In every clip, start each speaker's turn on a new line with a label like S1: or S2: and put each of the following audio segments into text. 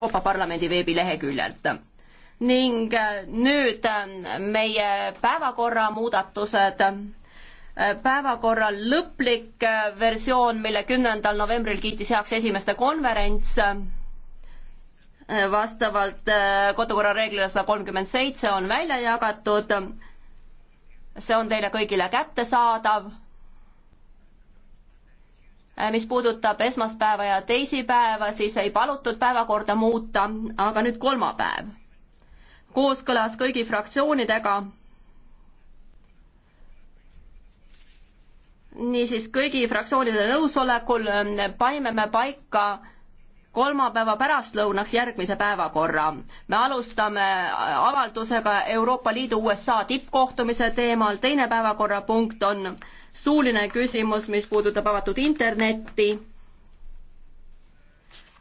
S1: Euroopa Parlamendi veebileheküljelt. ning äh, nüüd äh, meie päevakorra muudatused. Äh, päevakorra lõplik versioon, mille kümnendal novembril kiitis heaks esimeste konverents, vastavalt kodukorra reeglile sada kolmkümmend seitse on välja jagatud. see on teile kõigile kättesaadav Äh, mis puudutab esmaspäeva ja teisipäeva, siis ei palutud päevakorda muuta, aga nüüd kolmapäev. kooskõlas kõigi fraktsioonidega niisiis kõigi fraktsioonide nõusolekul äh, panime me paika kolmapäeva pärastlõunaks järgmise päevakorra. me alustame äh, avaldusega Euroopa Liidu USA tippkohtumise teemal, teine päevakorrapunkt on suuline küsimus, mis puudutab avatud internetti.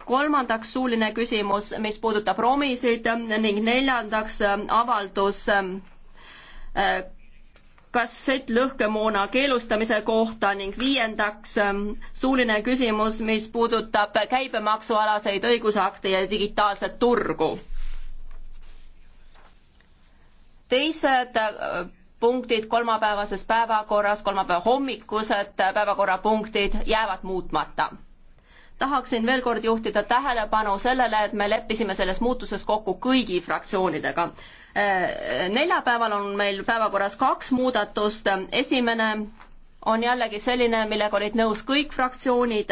S1: kolmandaks suuline küsimus, mis puudutab romisid ning neljandaks äh, avaldus äh, kassettlõhkemoona keelustamise kohta ning viiendaks äh, suuline küsimus, mis puudutab käibemaksualaseid õigusakte ja digitaalset turgu. teised punktid kolmapäevases päevakorras, kolmapäeva hommikused päevakorrapunktid jäävad muutmata. tahaksin veel kord juhtida tähelepanu sellele, et me leppisime selles muutuses kokku kõigi fraktsioonidega. Äh, neljapäeval on meil päevakorras kaks muudatust, esimene on jällegi selline, millega olid nõus kõik fraktsioonid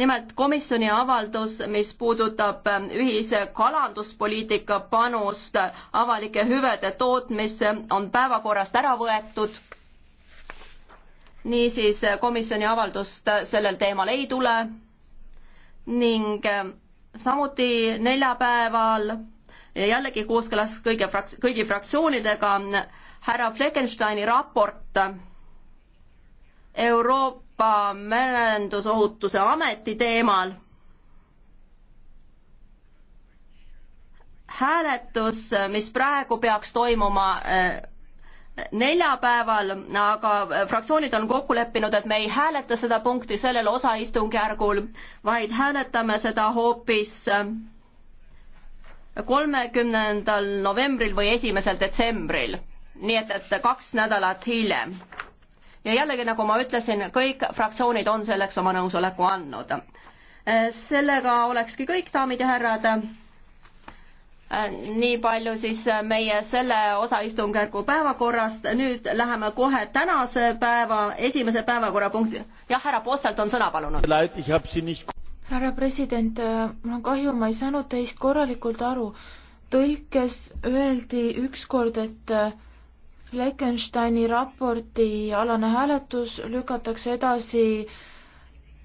S1: nimelt komisjoni avaldus, mis puudutab äh, ühise kalanduspoliitika panust äh, avalike hüvede tootmisse, on päevakorrast ära võetud. niisiis äh, komisjoni avaldust sellel teemal ei tule ning samuti neljapäeval jällegi kooskõlas kõige frak-, kõigi fraktsioonidega härra Fleckensteini raport Euroopa Merendusohutuse Ameti teemal. hääletus, mis praegu peaks toimuma eh, neljapäeval, aga fraktsioonid on kokku leppinud, et me ei hääleta seda punkti sellel osaistungjärgul, vaid hääletame seda hoopis eh, kolmekümnendal novembril või esimesel detsembril. nii et, et kaks nädalat hiljem ja jällegi, nagu ma ütlesin, kõik fraktsioonid on selleks oma nõusoleku andnud. Äh, sellega olekski kõik, daamid ja härrad. Äh, nii palju siis meie selle osa istungjärgu päevakorrast, nüüd läheme kohe tänase päeva esimese päevakorrapunkti, jah, härra Postelt on sõna palunud. härra president, äh, mul on kahju, ma ei saanud teist korralikult aru. tõlkes öeldi ükskord, et Fleckensteini raporti alane hääletus lükatakse edasi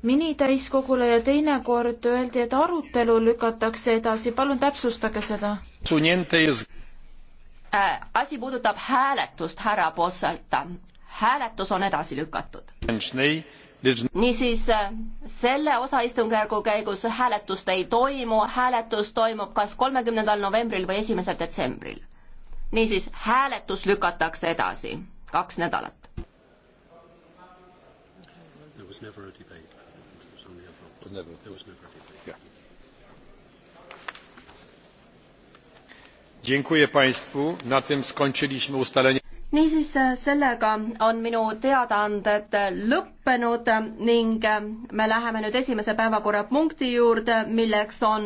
S1: minitäiskogule ja teinekord öeldi, et arutelu lükatakse edasi, palun täpsustage seda. Äh, asi puudutab hääletust härra Posselta, hääletus on edasi lükatud. niisiis, äh, selle osa istungjärgu käigus hääletust ei toimu, hääletus toimub kas kolmekümnendal novembril või esimesel detsembril niisiis, hääletus lükatakse edasi kaks nädalat. There was never a debate. It was only a vote. Never. There was never a debate. Yeah. Dziękuję Państwu. Na tym skończyliśmy ustalenie. niisiis, e, sellega on minu teadaanded e, lõppenud ning e, me läheme nüüd esimese päevakorrapunkti juurde, milleks on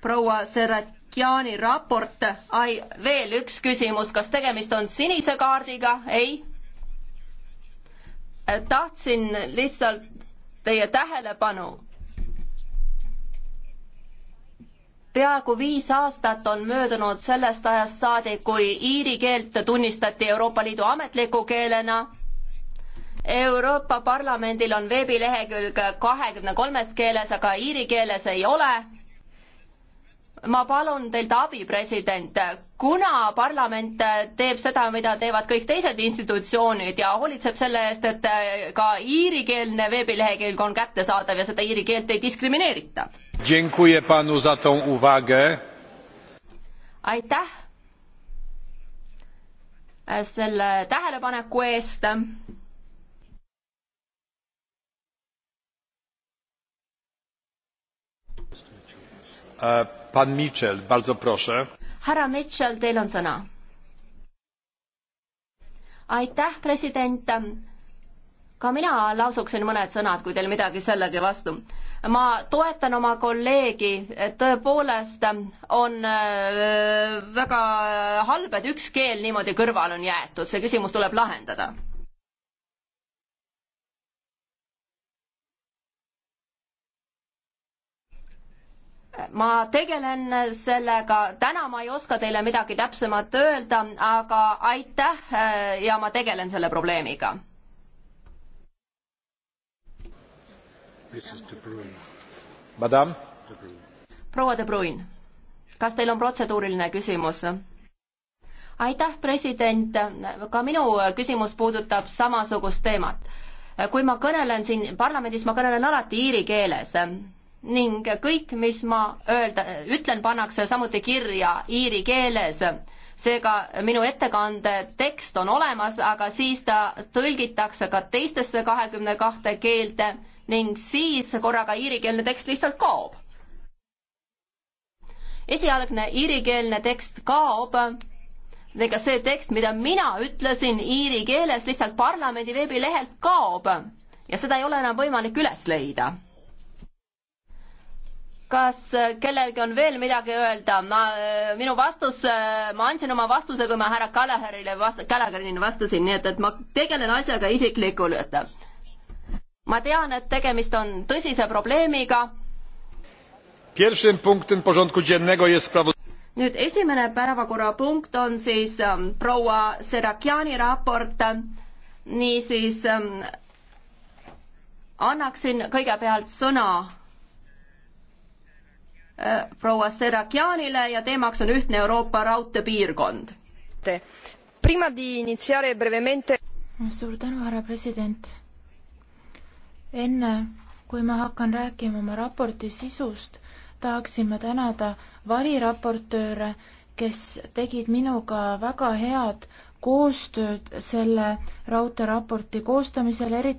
S1: proua Serret-, Oudekjani raport, ai, veel üks küsimus, kas tegemist on sinise kaardiga? ei? tahtsin lihtsalt teie tähelepanu. peaaegu viis aastat on möödunud sellest ajast saadik, kui iiri keelt tunnistati Euroopa Liidu ametliku keelena Euroopa Parlamendil on veebilehekülg kahekümne kolmes keeles, aga iiri keeles ei ole ma palun teilt abi, president, kuna parlament teeb seda, mida teevad kõik teised institutsioonid ja hoolitseb selle eest, et ka iirikeelne veebilehekülg on kättesaadav ja seda iiri keelt ei diskrimineerita. aitäh selle tähelepaneku eest. Uh pan Mitchell, bardzo proszę. härra Mitchell, teil on sõna. aitäh, president. ka mina lausuksin mõned sõnad, kui teil midagi sellegi vastu ma toetan oma kolleegi, tõepoolest on äh, väga äh, halb, et üks keel niimoodi kõrvale on jäetud, see küsimus tuleb lahendada ma tegelen sellega, täna ma ei oska teile midagi täpsemat öelda, aga aitäh äh, ja ma tegelen selle probleemiga. proua De Bruin, kas teil on protseduuriline küsimus? aitäh, president, ka minu küsimus puudutab samasugust teemat. kui ma kõnelen siin parlamendis, ma kõnelen alati iiri keeles ning kõik, mis ma öelda, ütlen, pannakse samuti kirja iiri keeles. seega minu ettekande tekst on olemas, aga siis ta tõlgitakse ka teistesse kahekümne kahte keelde ning siis korraga iirikeelne tekst lihtsalt kaob. esialgne iirikeelne tekst kaob ega see tekst, mida mina ütlesin iiri keeles, lihtsalt parlamendi veebilehelt kaob ja seda ei ole enam võimalik üles leida kas kellelgi on veel midagi öelda? ma, äh, minu vastus, äh, ma andsin oma vastuse, kui ma härra Kalaherile vast-, Kalaherile vastasin, nii et, et ma tegelen asjaga isiklikult. ma tean, et tegemist on tõsise probleemiga. nüüd esimene päevakorrapunkt on siis ähm, proua Serakjani raport, niisiis ähm, annaksin kõigepealt sõna Äh, proua Serakianile ja teemaks on ühtne Euroopa raudteepiirkond. suur tänu, härra president. enne kui ma hakkan rääkima oma raporti sisust, tahaksin ma tänada variraportööre, kes tegid minuga väga head koostööd selle raudteeraporti koostamisel, eriti